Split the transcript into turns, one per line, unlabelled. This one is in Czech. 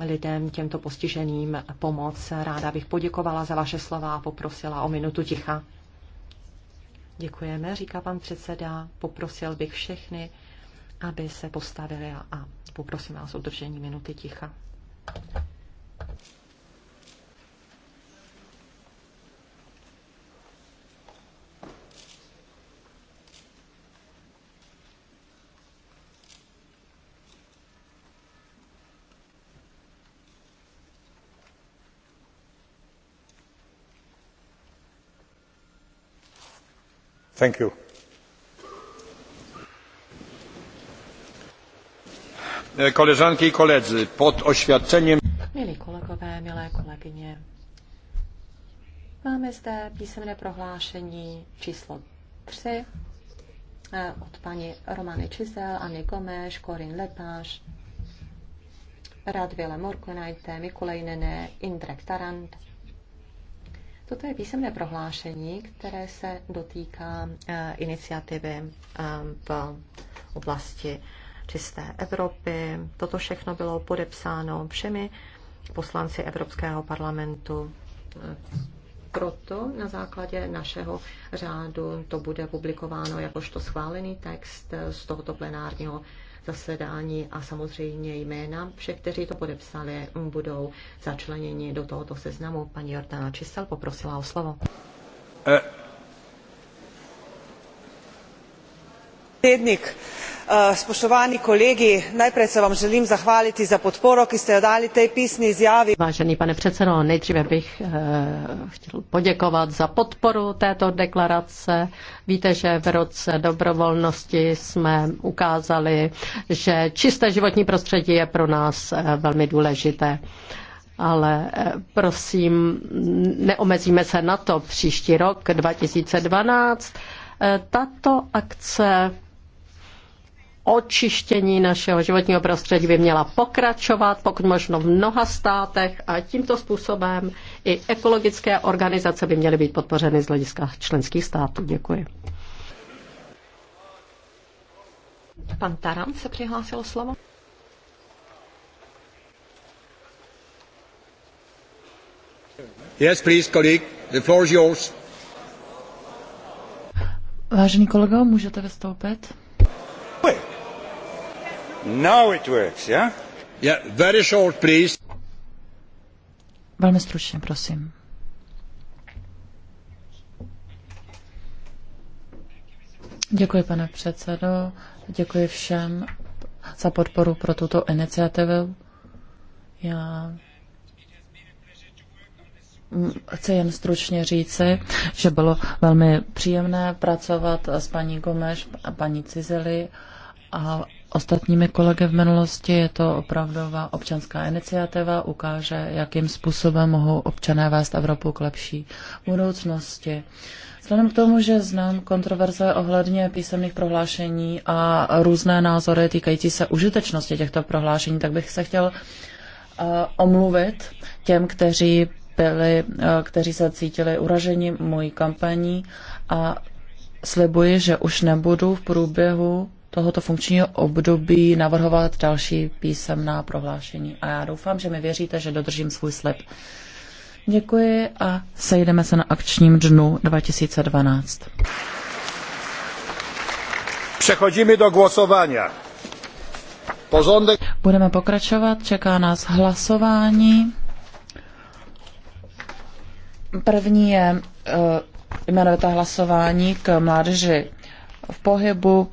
lidem, těmto postiženým pomoc. Ráda bych poděkovala za vaše slova a poprosila o minutu ticha. Děkujeme, říká pan předseda. Poprosil bych všechny, aby se postavili a poprosím vás o držení minuty ticha.
E, pod oświadczeniem...
Milí kolegové, milé kolegyně, máme zde písemné prohlášení číslo 3 e, od paní Romany Čizel, Anny Gomeš, Korin Lepáš, Radvile Morkunajte, Mikulejnene, Indrek Tarant, Toto je písemné prohlášení, které se dotýká eh, iniciativy eh, v oblasti čisté Evropy. Toto všechno bylo podepsáno všemi poslanci Evropského parlamentu eh, proto na základě našeho řádu to bude publikováno jakožto schválený text z tohoto plenárního zasedání a samozřejmě jména všech, kteří to podepsali, budou začleněni do tohoto seznamu. Paní Jordana Čistel poprosila o slovo. Eh. Eh, spoštovani kolegi najprej se vám želim zahvaliti za podporo ki
ste jo dali tej pisni izjavi. vážený pane předsedo nejdříve bych eh, chtěl poděkovat za podporu této deklarace. víte že v roce dobrovolnosti jsme ukázali že čisté životní prostředí je pro nás eh, velmi důležité ale prosím, neomezíme se na to příští rok 2012. Tato akce očištění našeho životního prostředí by měla pokračovat, pokud možno v mnoha státech a tímto způsobem i ekologické organizace by měly být podpořeny z hlediska členských států. Děkuji.
Pan Taran se přihlásil slovo.
Yes, please, colleague. The floor is yours. Vážený kolego, můžete vystoupit? Now it works, yeah? Yeah, very short, please. Velmi stručně, prosím. Děkuji, pane předsedo. Děkuji všem za podporu pro tuto iniciativu. Já chci jen stručně říci, že bylo velmi příjemné pracovat s paní Gomeš a paní Cizeli a ostatními kolegy v minulosti. Je to opravdová občanská iniciativa, ukáže, jakým způsobem mohou občané vést Evropu k lepší budoucnosti. Vzhledem k tomu, že znám kontroverze ohledně písemných prohlášení a různé názory týkající se užitečnosti těchto prohlášení, tak bych se chtěl uh, omluvit těm, kteří byli, uh, kteří se cítili uraženi mojí kampaní a slibuji, že už nebudu v průběhu tohoto funkčního období navrhovat další písemná prohlášení. A já doufám, že mi věříte, že dodržím svůj slib. Děkuji a sejdeme se na akčním dnu 2012. Přechodíme do hlasování. Pozondek... Budeme pokračovat, čeká nás hlasování. První je uh, jmenovité hlasování k mládeži v pohybu.